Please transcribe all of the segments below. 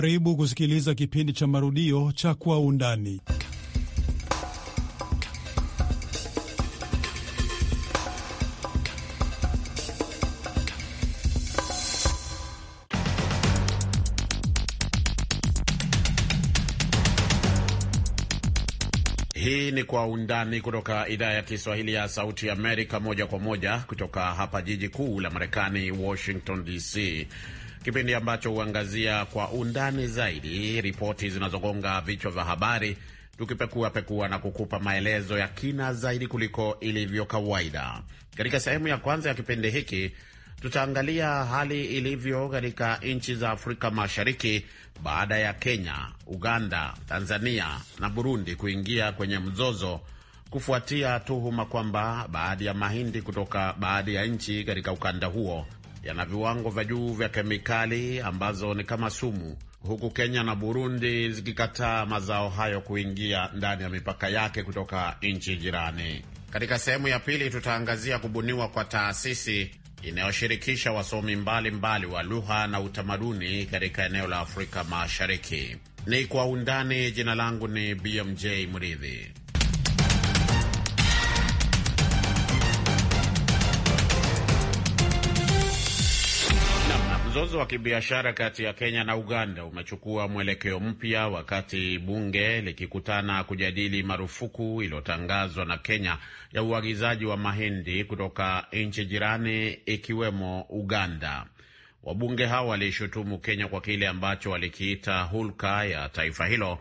Karibu kusikiliza kipindi cha marudio cha Kwa Undani. Hii ni Kwa Undani kutoka idhaa ya Kiswahili ya Sauti ya Amerika, moja kwa moja kutoka hapa jiji kuu la Marekani, Washington DC kipindi ambacho huangazia kwa undani zaidi ripoti zinazogonga vichwa vya habari, tukipekua pekua na kukupa maelezo ya kina zaidi kuliko ilivyo kawaida. Katika sehemu ya kwanza ya kipindi hiki tutaangalia hali ilivyo katika nchi za Afrika Mashariki baada ya Kenya, Uganda, Tanzania na Burundi kuingia kwenye mzozo kufuatia tuhuma kwamba baadhi ya mahindi kutoka baadhi ya nchi katika ukanda huo yana viwango vya juu vya kemikali ambazo ni kama sumu, huku Kenya na Burundi zikikataa mazao hayo kuingia ndani ya mipaka yake kutoka nchi jirani. Katika sehemu ya pili tutaangazia kubuniwa kwa taasisi inayoshirikisha wasomi mbalimbali wa lugha na utamaduni katika eneo la Afrika Mashariki. Ni kwa undani. Jina langu ni BMJ Mridhi. Mzozo wa kibiashara kati ya Kenya na Uganda umechukua mwelekeo mpya wakati bunge likikutana kujadili marufuku iliyotangazwa na Kenya ya uagizaji wa mahindi kutoka nchi jirani ikiwemo Uganda. Wabunge hao walishutumu Kenya kwa kile ambacho walikiita hulka ya taifa hilo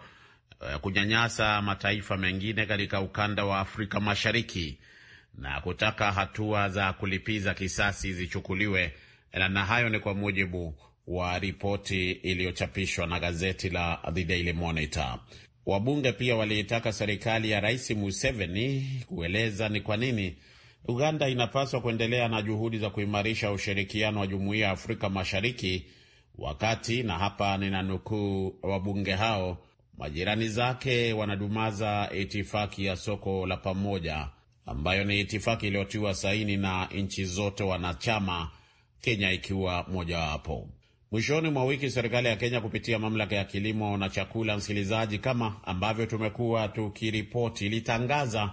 eh, kunyanyasa mataifa mengine katika ukanda wa Afrika Mashariki na kutaka hatua za kulipiza kisasi zichukuliwe na hayo ni kwa mujibu wa ripoti iliyochapishwa na gazeti la The Daily Monitor. Wabunge pia waliitaka serikali ya Rais Museveni kueleza ni kwa nini Uganda inapaswa kuendelea na juhudi za kuimarisha ushirikiano wa Jumuiya ya Afrika Mashariki wakati, na hapa ninanukuu wabunge hao, majirani zake wanadumaza itifaki ya soko la pamoja ambayo ni itifaki iliyotiwa saini na nchi zote wanachama Kenya ikiwa mojawapo. Mwishoni mwa wiki serikali ya Kenya kupitia mamlaka ya kilimo na chakula, msikilizaji, kama ambavyo tumekuwa tukiripoti, ilitangaza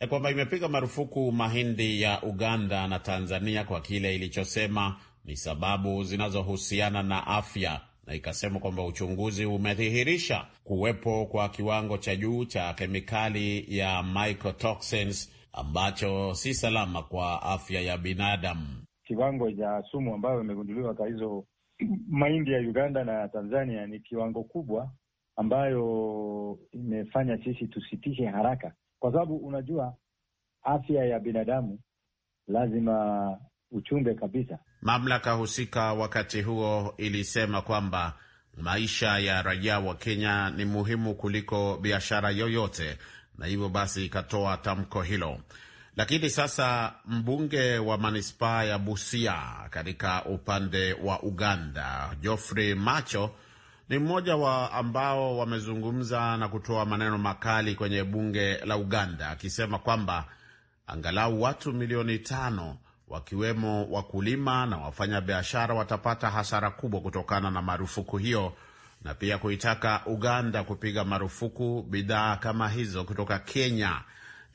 eh, kwamba imepiga marufuku mahindi ya Uganda na Tanzania kwa kile ilichosema ni sababu zinazohusiana na afya, na ikasema kwamba uchunguzi umedhihirisha kuwepo kwa kiwango cha juu cha kemikali ya mycotoxins ambacho si salama kwa afya ya binadamu kiwango cha sumu ambayo imegunduliwa kwa hizo mahindi ya Uganda na Tanzania ni kiwango kubwa ambayo imefanya sisi tusitishe haraka, kwa sababu unajua afya ya binadamu lazima uchunge kabisa. Mamlaka husika wakati huo ilisema kwamba maisha ya raia wa Kenya ni muhimu kuliko biashara yoyote, na hivyo basi ikatoa tamko hilo. Lakini sasa mbunge wa manispaa ya Busia katika upande wa Uganda, Geoffrey Macho ni mmoja wa ambao wamezungumza na kutoa maneno makali kwenye bunge la Uganda akisema kwamba angalau watu milioni tano wakiwemo wakulima na wafanyabiashara watapata hasara kubwa kutokana na marufuku hiyo, na pia kuitaka Uganda kupiga marufuku bidhaa kama hizo kutoka Kenya,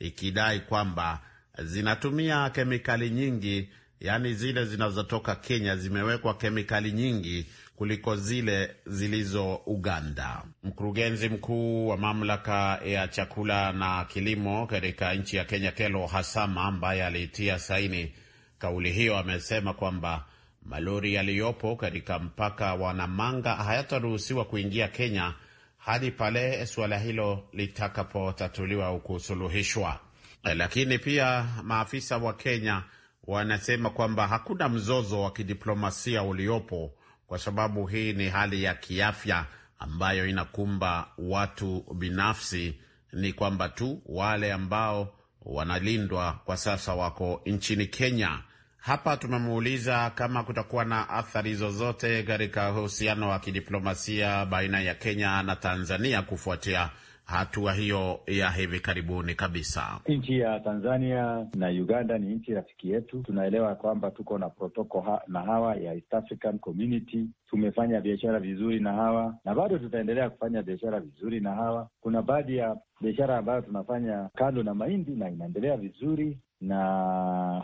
ikidai kwamba zinatumia kemikali nyingi, yaani zile zinazotoka Kenya zimewekwa kemikali nyingi kuliko zile zilizo Uganda. Mkurugenzi mkuu wa mamlaka ya chakula na kilimo katika nchi ya Kenya, Kelo Hasama, ambaye aliitia saini kauli hiyo, amesema kwamba malori yaliyopo katika mpaka wa Namanga hayataruhusiwa kuingia Kenya hadi pale suala hilo litakapotatuliwa au kusuluhishwa. Eh, lakini pia maafisa wa Kenya wanasema kwamba hakuna mzozo wa kidiplomasia uliopo kwa sababu hii ni hali ya kiafya ambayo inakumba watu binafsi. Ni kwamba tu wale ambao wanalindwa kwa sasa wako nchini Kenya. Hapa tumemuuliza kama kutakuwa na athari zozote katika uhusiano wa kidiplomasia baina ya Kenya na Tanzania kufuatia hatua hiyo ya hivi karibuni kabisa. Nchi ya Tanzania na Uganda ni nchi rafiki yetu, tunaelewa kwamba tuko na protoko ha na hawa ya East African Community. Tumefanya biashara vizuri na hawa na bado tutaendelea kufanya biashara vizuri na hawa. Kuna baadhi ya biashara ambayo tunafanya kando na mahindi na inaendelea vizuri na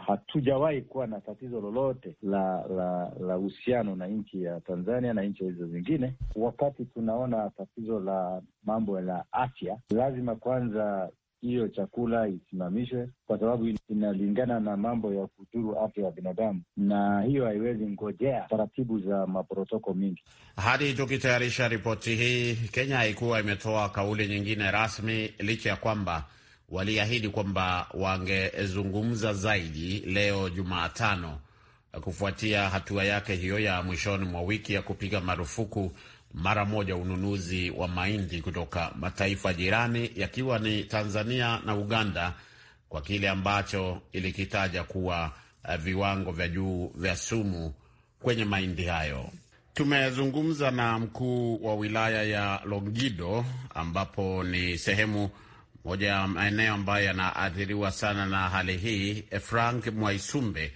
hatujawahi kuwa na tatizo lolote la la la uhusiano na nchi ya Tanzania na nchi hizo zingine. Wakati tunaona tatizo la mambo la afya, lazima kwanza hiyo chakula isimamishwe, kwa sababu inalingana na mambo ya kudhuru afya ya binadamu, na hiyo haiwezi ngojea taratibu za maprotoko mingi. Hadi tukitayarisha ripoti hii, Kenya haikuwa imetoa kauli nyingine rasmi, licha ya kwamba waliahidi kwamba wangezungumza zaidi leo Jumatano, kufuatia hatua yake hiyo ya mwishoni mwa wiki ya kupiga marufuku mara moja ununuzi wa mahindi kutoka mataifa jirani yakiwa ni Tanzania na Uganda kwa kile ambacho ilikitaja kuwa eh, viwango vya juu vya sumu kwenye mahindi hayo. Tumezungumza na mkuu wa wilaya ya Longido ambapo ni sehemu moja ya maeneo ambayo yanaathiriwa sana na hali hii, Frank Mwaisumbe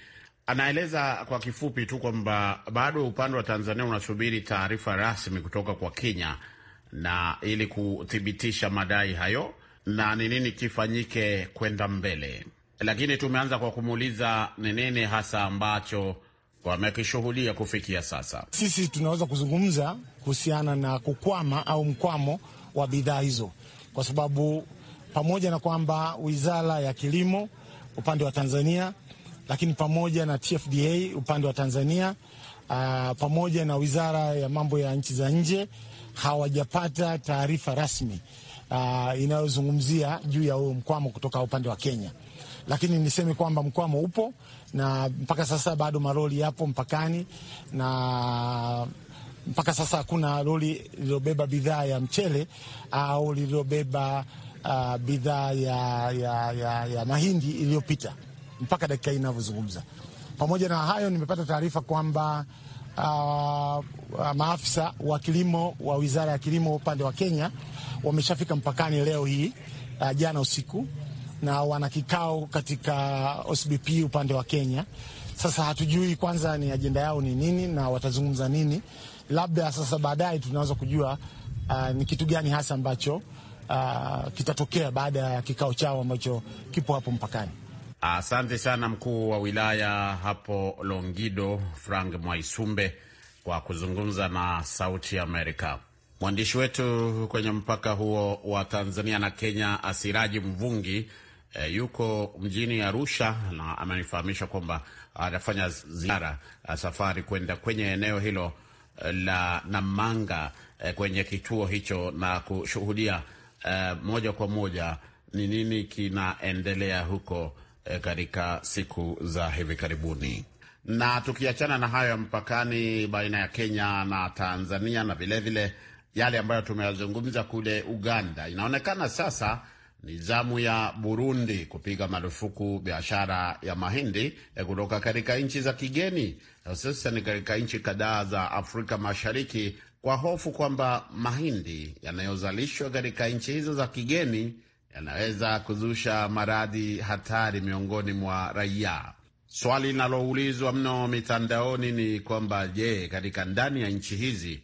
anaeleza kwa kifupi tu kwamba bado upande wa Tanzania unasubiri taarifa rasmi kutoka kwa Kenya na ili kuthibitisha madai hayo na ni nini kifanyike kwenda mbele. Lakini tumeanza kwa kumuuliza ni nini hasa ambacho wamekishuhudia kufikia sasa. Sisi tunaweza kuzungumza kuhusiana na kukwama au mkwamo wa bidhaa hizo, kwa sababu pamoja na kwamba wizara ya kilimo upande wa Tanzania lakini pamoja na TFDA upande wa Tanzania Uh, pamoja na Wizara ya Mambo ya Nchi za Nje hawajapata taarifa rasmi uh, inayozungumzia juu ya huo mkwamo kutoka upande wa Kenya, lakini niseme kwamba mkwamo upo na mpaka sasa bado maroli yapo mpakani na mpaka sasa hakuna lori lililobeba bidhaa ya mchele au lililobeba uh, bidhaa ya, ya, ya, ya mahindi iliyopita mpaka dakika hii inavyozungumza. Pamoja na hayo, nimepata taarifa kwamba uh, maafisa wa kilimo wa wizara ya kilimo upande wa Kenya wameshafika mpakani leo hii uh, jana usiku na wana kikao katika OSBP upande wa Kenya. Sasa hatujui kwanza ni ajenda yao ni nini na watazungumza nini. Labda sasa baadaye tunaweza kujua uh, ni kitu gani hasa ambacho uh, kitatokea baada ya kikao chao ambacho kipo hapo mpakani. Asante sana mkuu wa wilaya hapo Longido, Frank Mwaisumbe, kwa kuzungumza na Sauti Amerika. Mwandishi wetu kwenye mpaka huo wa Tanzania na Kenya, Asiraji Mvungi, e, yuko mjini Arusha na amenifahamisha kwamba anafanya ziara eh, safari kwenda kwenye eneo hilo eh, la Namanga, e, kwenye kituo hicho na kushuhudia e, moja kwa moja ni nini kinaendelea huko e, katika siku za hivi karibuni. Na tukiachana na hayo ya mpakani baina ya Kenya na Tanzania na vilevile yale ambayo tumeyazungumza kule Uganda, inaonekana sasa ni zamu ya Burundi kupiga marufuku biashara ya mahindi eh, kutoka katika nchi za kigeni, hususan katika nchi kadhaa za Afrika Mashariki, kwa hofu kwamba mahindi yanayozalishwa katika nchi hizo za kigeni yanaweza kuzusha maradhi hatari miongoni mwa raia. Swali linaloulizwa mno mitandaoni ni kwamba je, katika ndani ya nchi hizi,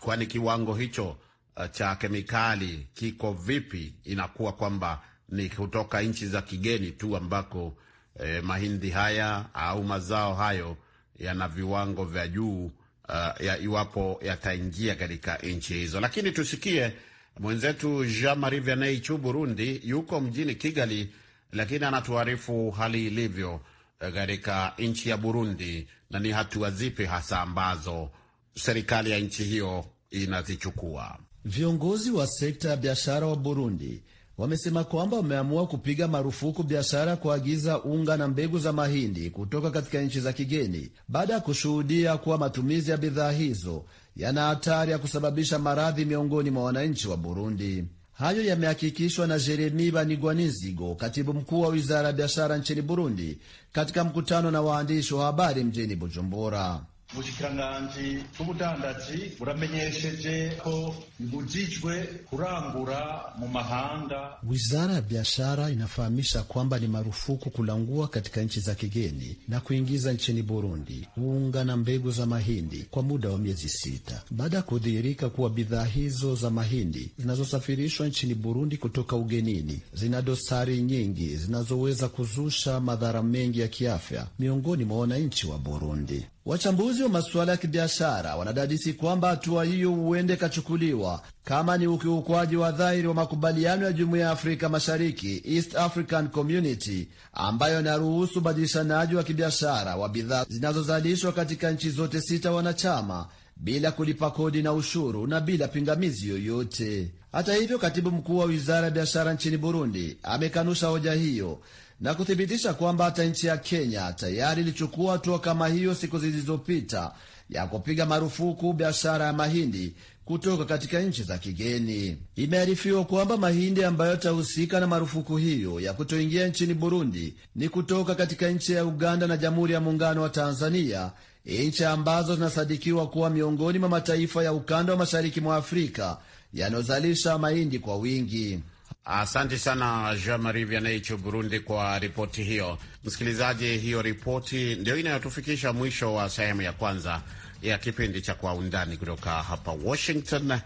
kwani kiwango hicho eh, cha kemikali kiko vipi? Inakuwa kwamba ni kutoka nchi za kigeni tu ambako eh, mahindi haya au mazao hayo yana viwango vya juu uh, ya iwapo yataingia katika nchi hizo. Lakini tusikie Mwenzetu Jean Marie Vianney Chu Burundi yuko mjini Kigali, lakini anatuarifu hali ilivyo eh, katika nchi ya Burundi na ni hatua zipi hasa ambazo serikali ya nchi hiyo inazichukua. Viongozi wa sekta ya biashara wa Burundi wamesema kwamba wameamua kupiga marufuku biashara kuagiza unga na mbegu za mahindi kutoka katika nchi za kigeni baada ya kushuhudia kuwa matumizi ya bidhaa hizo yana hatari ya kusababisha maradhi miongoni mwa wananchi wa Burundi. Hayo yamehakikishwa na Jeremi Banigwanizigo, katibu mkuu wa wizara ya biashara nchini Burundi, katika mkutano na waandishi wa habari mjini Bujumbura mushikiranganji bw'ubudandaji buramenyesheje ko ibujijwe kurangura mu mahanga. Wizara ya biashara inafahamisha kwamba ni marufuku kulangua katika nchi za kigeni na kuingiza nchini Burundi unga na mbegu za mahindi kwa muda wa miezi sita baada ya kudhihirika kuwa bidhaa hizo za mahindi zinazosafirishwa nchini Burundi kutoka ugenini zina dosari nyingi zinazoweza kuzusha madhara mengi ya kiafya miongoni mwa wananchi wa Burundi. Wachambuzi wa masuala ya kibiashara wanadadisi kwamba hatua hiyo huende ikachukuliwa kama ni ukiukwaji wa dhahiri wa makubaliano ya Jumuiya ya Afrika Mashariki, East African Community, ambayo inaruhusu ubadilishanaji wa kibiashara wa bidhaa zinazozalishwa katika nchi zote sita wanachama bila kulipa kodi na ushuru na bila pingamizi yoyote. Hata hivyo, katibu mkuu wa wizara ya biashara nchini Burundi amekanusha hoja hiyo na kuthibitisha kwamba hata nchi ya Kenya tayari ilichukua hatua kama hiyo siku zilizopita ya kupiga marufuku biashara ya mahindi kutoka katika nchi za kigeni. Imearifiwa kwamba mahindi ambayo yatahusika na marufuku hiyo ya kutoingia nchini Burundi ni kutoka katika nchi ya Uganda na Jamhuri ya Muungano wa Tanzania, nchi ambazo zinasadikiwa kuwa miongoni mwa mataifa ya ukanda wa mashariki mwa Afrika yanayozalisha mahindi kwa wingi. Asante sana Jean Marie Vianney Burundi kwa ripoti hiyo. Msikilizaji, hiyo ripoti ndio inayotufikisha mwisho wa sehemu ya kwanza ya kipindi cha Kwa Undani kutoka hapa Washington.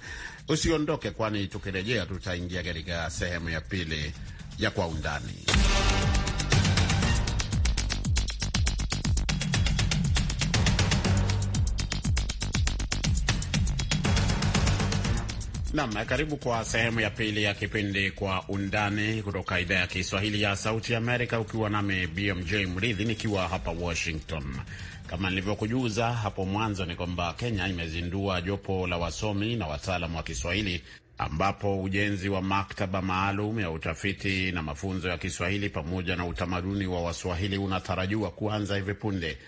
Usiondoke, kwani tukirejea tutaingia katika sehemu ya pili ya Kwa Undani. Nam karibu kwa sehemu ya pili ya kipindi Kwa Undani kutoka idhaa ya Kiswahili ya Sauti Amerika, ukiwa nami BMJ Mridhi nikiwa hapa Washington. Kama nilivyokujuza hapo mwanzo, ni kwamba Kenya imezindua jopo la wasomi na wataalamu wa Kiswahili ambapo ujenzi wa maktaba maalum ya utafiti na mafunzo ya Kiswahili pamoja na utamaduni wa Waswahili unatarajiwa kuanza hivi punde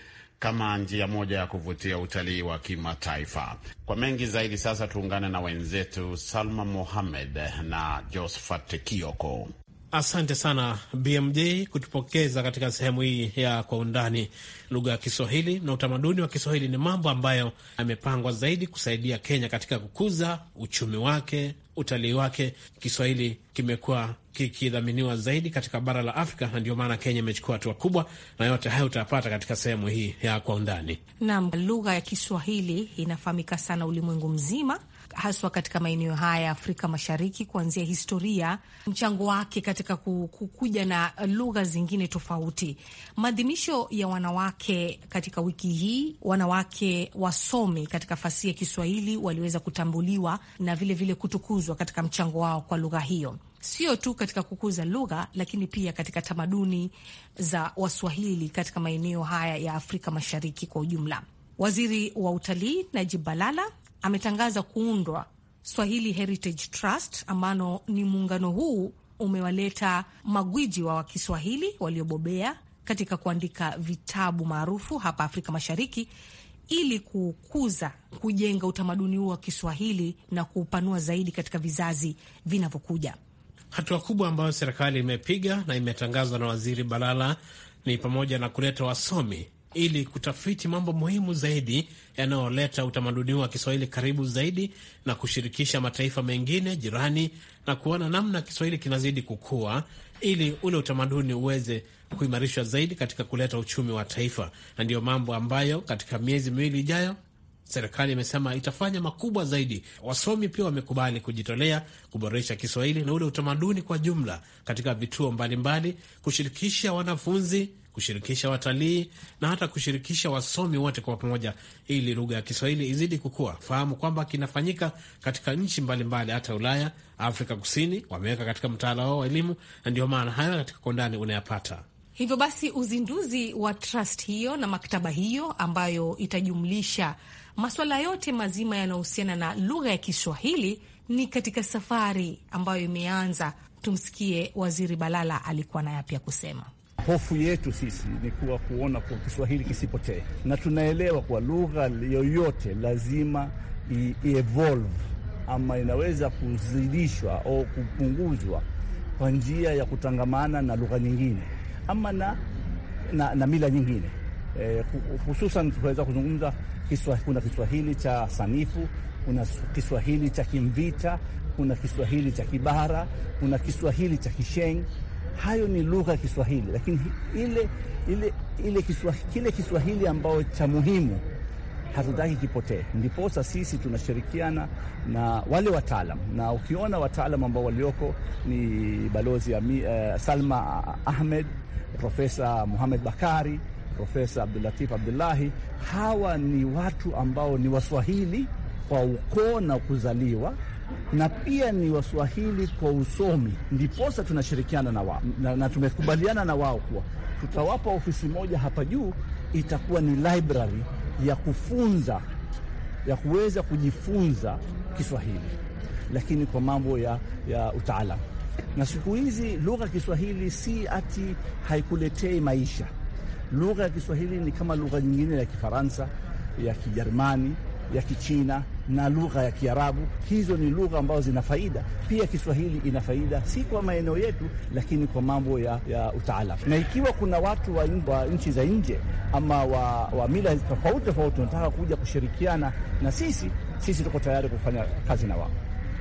kama njia moja ya kuvutia utalii wa kimataifa. Kwa mengi zaidi, sasa tuungane na wenzetu Salma Mohamed na josphat Kioko. Asante sana BMJ kutupokeza katika sehemu hii ya kwa undani. Lugha ya Kiswahili na utamaduni wa Kiswahili ni mambo ambayo yamepangwa zaidi kusaidia Kenya katika kukuza uchumi wake, utalii wake. Kiswahili kimekuwa kikidhaminiwa zaidi katika bara la Afrika na ndio maana Kenya imechukua hatua kubwa, na yote hayo utayapata katika sehemu hii ya kwa undani. Naam, lugha ya Kiswahili inafahamika sana ulimwengu mzima haswa katika maeneo haya ya Afrika Mashariki, kuanzia historia, mchango wake katika kukuja na lugha zingine tofauti. Maadhimisho ya wanawake katika wiki hii, wanawake wasomi katika fasihi ya Kiswahili waliweza kutambuliwa na vilevile vile kutukuzwa katika mchango wao kwa lugha hiyo sio tu katika kukuza lugha lakini pia katika tamaduni za Waswahili katika maeneo haya ya Afrika Mashariki kwa ujumla. Waziri wa Utalii Najib Balala ametangaza kuundwa Swahili Heritage Trust ambano ni muungano huu umewaleta magwiji wa Kiswahili waliobobea katika kuandika vitabu maarufu hapa Afrika Mashariki ili kukuza kujenga utamaduni huu wa Kiswahili na kuupanua zaidi katika vizazi vinavyokuja. Hatua kubwa ambayo serikali imepiga na imetangazwa na Waziri Balala ni pamoja na kuleta wasomi ili kutafiti mambo muhimu zaidi yanayoleta utamaduni wa Kiswahili karibu zaidi na kushirikisha mataifa mengine jirani na kuona namna Kiswahili kinazidi kukua ili ule utamaduni uweze kuimarishwa zaidi katika kuleta uchumi wa taifa, na ndiyo mambo ambayo katika miezi miwili ijayo serikali imesema itafanya makubwa zaidi. Wasomi pia wamekubali kujitolea kuboresha Kiswahili na ule utamaduni kwa jumla katika vituo mbalimbali, kushirikisha wanafunzi kushirikisha watalii na hata kushirikisha wasomi wote kwa pamoja, ili lugha ya Kiswahili izidi kukua. Fahamu kwamba kinafanyika katika nchi mbalimbali, hata Ulaya, Afrika Kusini wameweka katika mtaala wao wa elimu, na ndio maana haya katika kondani unayapata. Hivyo basi uzinduzi wa trust hiyo na maktaba hiyo ambayo itajumlisha masuala yote mazima yanayohusiana na lugha ya Kiswahili ni katika safari ambayo imeanza. Tumsikie Waziri Balala alikuwa na kusema. Hofu yetu sisi ni kuwa kuona kwa Kiswahili kisipotee, na tunaelewa kwa lugha yoyote lazima evolve ama inaweza kuzidishwa au kupunguzwa kwa njia ya kutangamana na lugha nyingine ama na, na, na mila nyingine e, hususan tunaweza kuzungumza kiswa, kuna Kiswahili cha sanifu, kuna Kiswahili cha Kimvita, kuna Kiswahili cha Kibara, kuna Kiswahili cha Kisheng hayo ni lugha ya Kiswahili, lakini ile, ile, ile Kiswahili, kile Kiswahili ambayo cha muhimu hatutaki kipotee. Ndiposa sisi tunashirikiana na wale wataalam, na ukiona wataalam ambao walioko ni balozi Ami, uh, Salma Ahmed, Profesa Muhamed Bakari, Profesa Abdulatif Abdullahi. Hawa ni watu ambao ni Waswahili kwa ukoo na kuzaliwa na pia ni Waswahili kwa usomi, ndiposa tunashirikiana na wao na, na tumekubaliana na wao kuwa tutawapa ofisi moja hapa juu, itakuwa ni library ya kufunza ya kuweza kujifunza Kiswahili, lakini kwa mambo ya, ya utaalamu. Na siku hizi lugha ya Kiswahili si ati haikuletei maisha. Lugha ya Kiswahili ni kama lugha nyingine ya Kifaransa, ya Kijerumani, ya Kichina na lugha ya Kiarabu. Hizo ni lugha ambazo zina faida pia. Kiswahili ina faida, si kwa maeneo yetu, lakini kwa mambo ya, ya utaalam. Na ikiwa kuna watu wa, wa nchi za nje ama wa, wa mila tofauti tofauti wanataka kuja kushirikiana na sisi, sisi tuko tayari kufanya kazi na wao.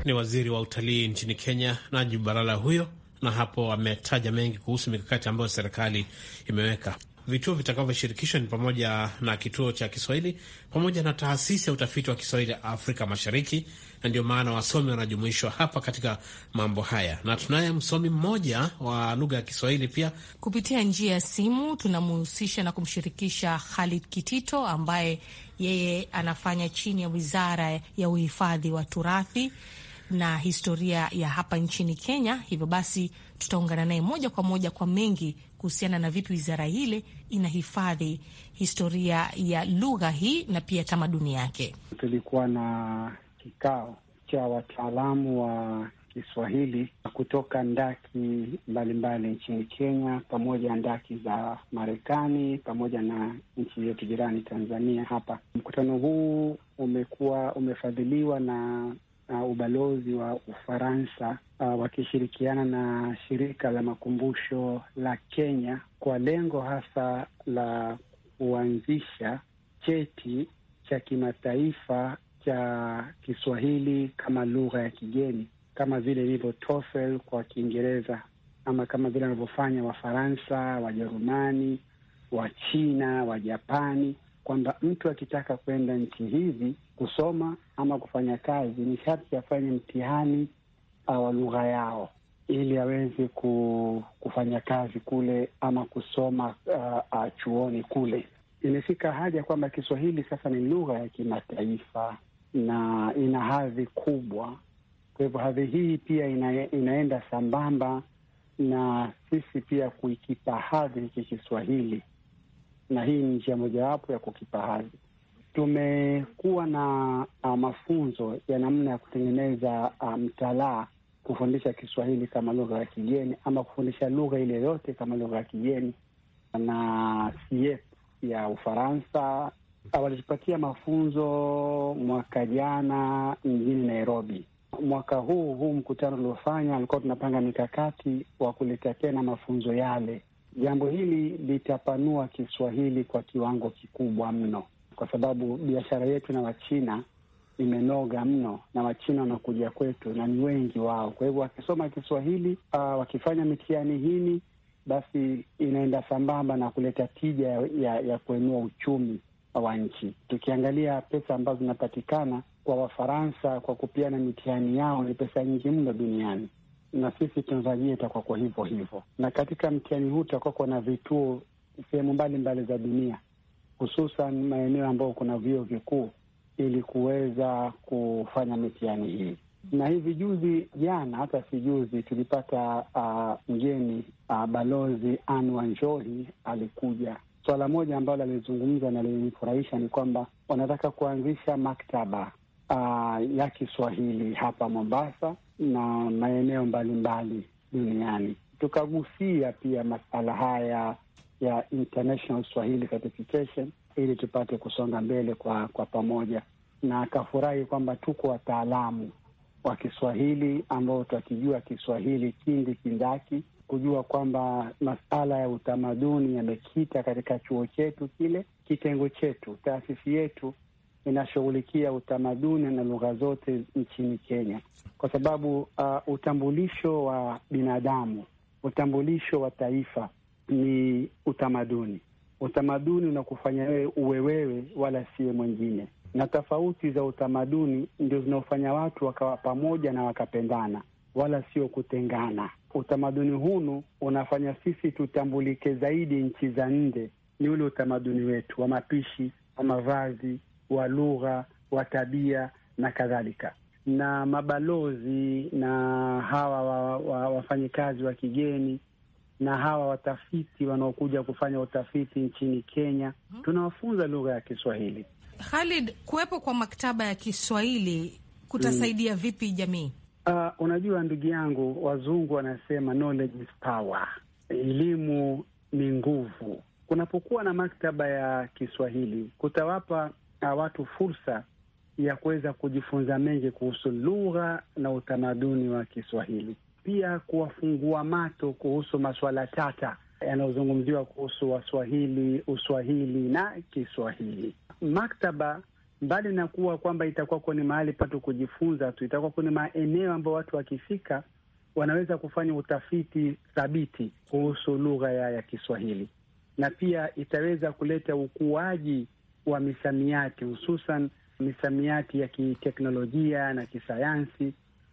Ni waziri wa utalii nchini Kenya, Najib Balala huyo, na hapo ametaja mengi kuhusu mikakati ambayo serikali imeweka. Vituo vitakavyoshirikishwa ni pamoja na kituo cha Kiswahili pamoja na taasisi ya utafiti wa Kiswahili Afrika Mashariki, na ndio maana wasomi wanajumuishwa hapa katika mambo haya, na tunaye msomi mmoja wa lugha ya Kiswahili pia kupitia njia ya simu. Tunamhusisha na kumshirikisha Khalid Kitito ambaye yeye anafanya chini ya Wizara ya Uhifadhi wa Turathi na Historia ya hapa nchini Kenya. Hivyo basi tutaungana naye moja kwa moja kwa mengi kuhusiana na vipi wizara ile inahifadhi historia ya lugha hii na pia tamaduni yake. Tulikuwa na kikao cha wataalamu wa Kiswahili kutoka ndaki mbalimbali nchini Kenya, pamoja na ndaki za Marekani, pamoja na nchi yetu jirani Tanzania. Hapa mkutano huu umekuwa umefadhiliwa na uh, ubalozi wa Ufaransa uh, wakishirikiana na shirika la makumbusho la Kenya kwa lengo hasa la kuanzisha cheti cha kimataifa cha Kiswahili kama lugha ya kigeni kama vile ilivyo TOEFL kwa Kiingereza ama kama vile wanavyofanya Wafaransa, Wajerumani, Wachina, Wajapani kwamba mtu akitaka kwenda nchi hizi kusoma ama kufanya kazi ni sharti afanye mtihani uh, wa lugha yao ili aweze kufanya kazi kule ama kusoma uh, uh, chuoni kule. Imefika haja kwamba Kiswahili sasa ni lugha ya kimataifa na ina hadhi kubwa. Kwa hivyo hadhi hii pia ina, inaenda sambamba na sisi pia kuikipa hadhi hiki Kiswahili na hii ni njia mojawapo ya kukipahali. Tumekuwa na uh, mafunzo ya namna ya kutengeneza uh, mtalaa kufundisha Kiswahili kama lugha ya kigeni ama kufundisha lugha ile yote kama lugha ya kigeni, na CIEP ya Ufaransa ah, walitupatia mafunzo mwaka jana mjini Nairobi. Mwaka huu huu mkutano uliofanya, alikuwa tunapanga mikakati wa kuleta tena mafunzo yale Jambo hili litapanua Kiswahili kwa kiwango kikubwa mno, kwa sababu biashara yetu na Wachina imenoga mno, na Wachina wanakuja kwetu na ni wengi wao. Kwa hivyo wakisoma Kiswahili, uh, wakifanya mitihani hini, basi inaenda sambamba na kuleta tija ya, ya, ya kuinua uchumi wa nchi. Tukiangalia pesa ambazo zinapatikana kwa Wafaransa kwa kupiana mitihani yao ni pesa nyingi mno duniani na sisi Tanzania itakuwa kwa hivyo hivyo. Na katika mtihani huu tutakuwa kuna vituo sehemu mbalimbali za dunia, hususan maeneo ambayo kuna vyuo vikuu, ili kuweza kufanya mitihani hii. Na hivi juzi jana, hata si juzi, tulipata uh, mgeni uh, Balozi Anne Wanjohi alikuja. Swala moja ambalo alizungumza na lilinifurahisha ni kwamba wanataka kuanzisha maktaba uh, ya Kiswahili hapa Mombasa na maeneo mbalimbali duniani. Tukagusia pia masala haya ya International Swahili Certification ili tupate kusonga mbele kwa kwa pamoja, na akafurahi kwamba tuko wataalamu wa Kiswahili ambao twakijua Kiswahili kindi kindaki, kujua kwamba masala ya utamaduni yamekita katika chuo chetu kile, kitengo chetu, taasisi yetu inashughulikia utamaduni na lugha zote nchini Kenya, kwa sababu uh, utambulisho wa binadamu, utambulisho wa taifa ni utamaduni. Utamaduni unakufanya wewe uwe wewe, wala siwe mwingine, na tofauti za utamaduni ndio zinaofanya watu wakawa pamoja na wakapendana, wala sio kutengana. Utamaduni hunu unafanya sisi tutambulike zaidi nchi za nje, ni ule utamaduni wetu wa mapishi, wa mavazi wa lugha, wa tabia na kadhalika. Na mabalozi na hawa wa, wa, wafanyikazi wa kigeni na hawa watafiti wanaokuja kufanya utafiti nchini Kenya mhm. tunawafunza lugha ya Kiswahili. Khalid, kuwepo kwa maktaba ya Kiswahili kutasaidia hmm, vipi jamii? Uh, unajua ndugu yangu, wazungu wanasema knowledge is power, elimu ni nguvu. Kunapokuwa na maktaba ya Kiswahili kutawapa na watu fursa ya kuweza kujifunza mengi kuhusu lugha na utamaduni wa Kiswahili, pia kuwafungua macho kuhusu masuala tata yanayozungumziwa kuhusu Waswahili, Uswahili na Kiswahili. Maktaba mbali na kuwa kwamba itakuwa kwenye mahali patu kujifunza tu, itakuwa kwenye maeneo ambayo watu wakifika wanaweza kufanya utafiti thabiti kuhusu lugha ya, ya Kiswahili na pia itaweza kuleta ukuaji wa misamiati, hususan misamiati ya kiteknolojia na kisayansi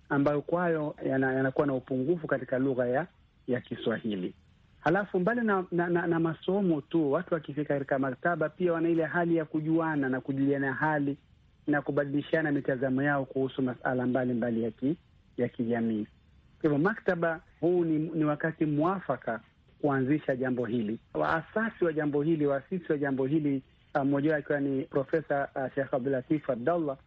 ambayo kwayo yanakuwa na upungufu katika lugha ya ya Kiswahili. Halafu mbali na, na, na, na masomo tu, watu wakifika katika maktaba pia wana ile hali ya kujuana na kujuliana hali na kubadilishana mitazamo yao kuhusu masala mbalimbali ya ki, ya kijamii. Kwa hivyo maktaba, huu ni, ni wakati mwafaka kuanzisha jambo hili. Waasasi wa jambo hili, waasisi wa jambo hili Ah, mmoja wake akiwa ni Profesa shekh ah, Sheikh Abdulatif Abdallah.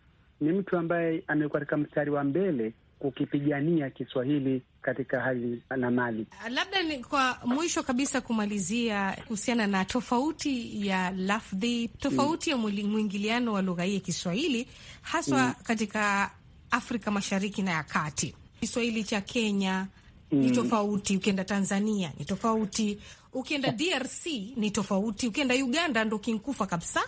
Ni mtu ambaye amekuwa katika mstari wa mbele kukipigania Kiswahili katika hali na mali. Labda ni kwa mwisho kabisa kumalizia kuhusiana na tofauti ya lafdhi, tofauti mm. ya mwingiliano wa lugha hii ya Kiswahili haswa mm. katika Afrika Mashariki na ya Kati. Kiswahili cha Kenya ni mm. tofauti, ukienda Tanzania ni tofauti, Ukienda DRC ni tofauti, ukienda Uganda ndo kinkufa kabisa.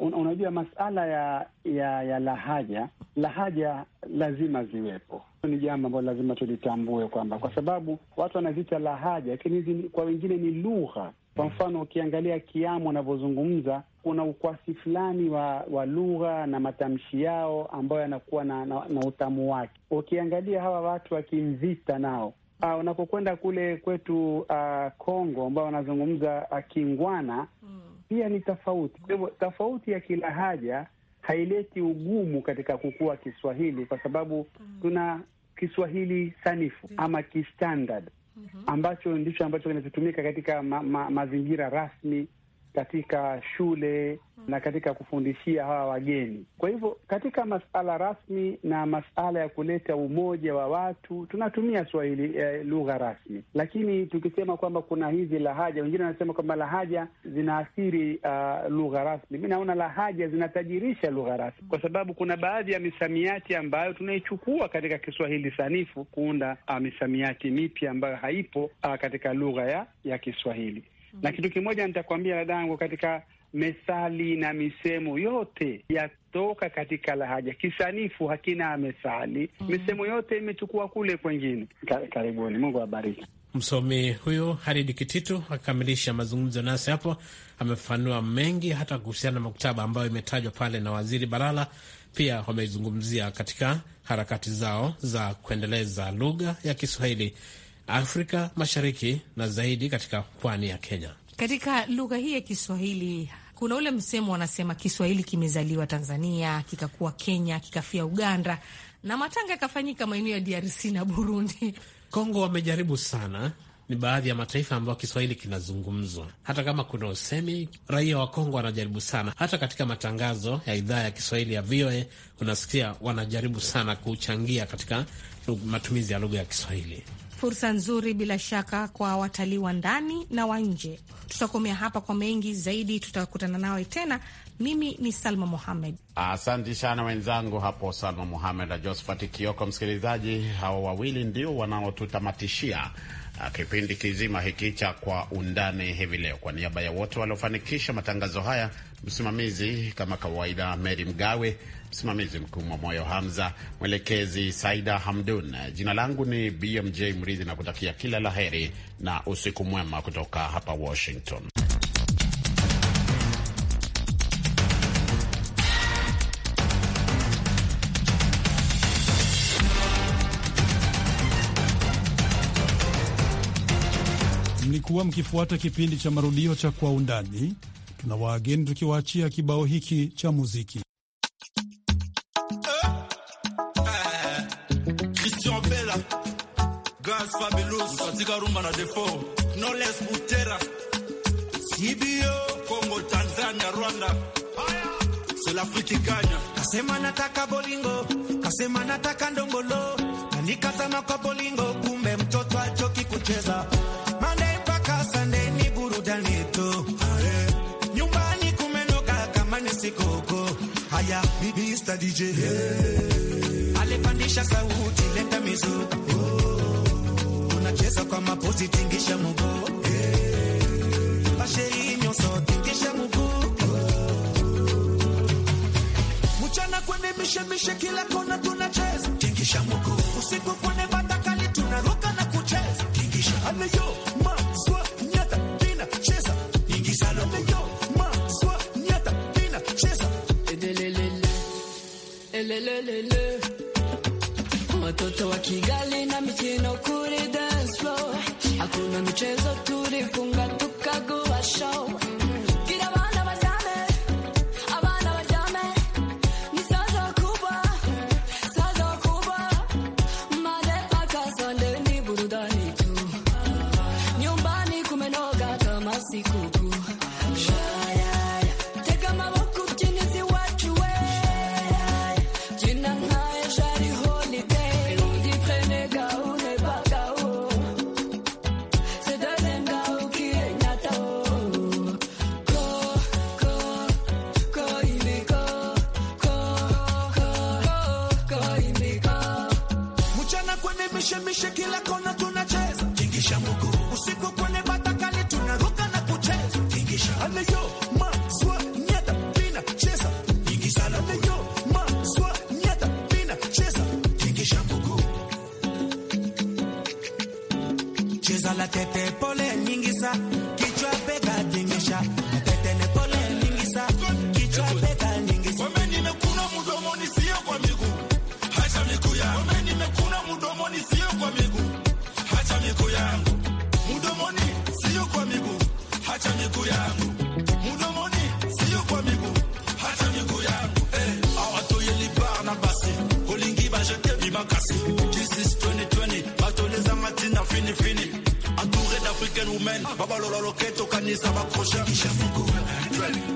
unajua masala ya ya ya lahaja lahaja lazima ziwepo, ni jambo ambalo lazima tulitambue kwamba kwa sababu watu wanaziita lahaja, lakini hizi kwa wengine ni lugha. Kwa mm. mfano ukiangalia Kiamu wanavyozungumza kuna ukwasi fulani wa wa lugha na matamshi yao ambayo yanakuwa na, na, na utamu wake. Ukiangalia hawa watu wa Kimvita nao uh, unapokwenda kule kwetu uh, ah, Kongo ambao wanazungumza uh, Kingwana mm. pia ni tofauti. Kwa hivyo tofauti ya kilahaja haileti ugumu katika kukua Kiswahili kwa sababu mm. tuna Kiswahili sanifu ama -hmm. ambacho ndicho ambacho kinachotumika katika ma, ma, mazingira rasmi katika shule mm. na katika kufundishia hawa wageni. Kwa hivyo katika masala rasmi na masala ya kuleta umoja wa watu tunatumia Swahili eh, lugha rasmi, lakini tukisema kwamba kuna hizi lahaja, wengine wanasema kwamba lahaja zinaathiri uh, lugha rasmi. Mi naona lahaja zinatajirisha lugha rasmi, kwa sababu kuna baadhi ya misamiati ambayo tunaichukua katika Kiswahili sanifu kuunda uh, misamiati mipya ambayo haipo uh, katika lugha ya, ya Kiswahili. Mm-hmm. na kitu kimoja nitakwambia dadangu, katika methali na misemo yote yatoka katika lahaja kisanifu, hakina methali mm. Mm-hmm. Misemo yote imechukua kule kwengine. Karibuni, Mungu abariki. Msomi huyo Haridi Kititu akikamilisha mazungumzo nasi hapo, amefanua mengi hata kuhusiana na maktaba ambayo imetajwa pale na Waziri Balala. Pia wameizungumzia katika harakati zao za kuendeleza lugha ya Kiswahili Afrika Mashariki na zaidi katika pwani ya Kenya. Katika lugha hii ya Kiswahili kuna ule msemo wanasema, Kiswahili kimezaliwa Tanzania, kikakuwa Kenya, kikafia Uganda na matanga yakafanyika maeneo ya DRC na Burundi. Kongo wamejaribu sana, ni baadhi ya mataifa ambayo Kiswahili kinazungumzwa. Hata kama kuna usemi, raia wa Kongo wanajaribu sana. Hata katika matangazo ya idhaa ya Kiswahili ya VOA unasikia wanajaribu sana kuchangia katika matumizi ya lugha ya Kiswahili fursa nzuri bila shaka kwa watalii wa ndani na wa nje. Tutakomea hapa kwa mengi zaidi, tutakutana nawe tena. Mimi ni Salma muhamed Asante sana wenzangu hapo Salma Muhamed na Josphat Kioko. Msikilizaji, hawa wawili ndio wanaotutamatishia ah, kipindi kizima hiki cha Kwa Undani hivi leo. Kwa niaba ya wote waliofanikisha matangazo haya, msimamizi kama kawaida Meri Mgawe, msimamizi mkuu moyo Hamza, mwelekezi Saida Hamdun. Jina langu ni BMJ Mridhi na kutakia kila la heri na usiku mwema kutoka hapa Washington. Mlikuwa mkifuata kipindi cha marudio cha Kwa Undani. Tuna waageni tukiwaachia kibao hiki cha muziki. Fabulous katika rumba na defo Knowles Butera CBO Kongo, Tanzania, Rwanda Selafriki Kanya kasema nataka bolingo, kasema nataka ndongolo, anikazama kwa bolingo, kumbe mtoto achoki kucheza Monday mpaka Sunday ni burudani tu, nyumbani kumenoka kama ni sikoko. Haya bibi sta DJ, yeah. Alepandisha sauti leta mizuka tunacheza kwa mapozi, tingisha mguu basheri nyoso, tingisha mguu mchana kwenye mishemishe, kila kona tunacheza, tingisha mguu usiku kwenye batakali tunaruka na kucheza, tingisha ameyo mishemishe kila kona tunacheza tingisha mguu usiku kwenye batakali tunaruka na kucheza tingisha aleyo Eh, African women, Baba Lolo Loketo, Kanisa Bakosha, Ishafuku, eh,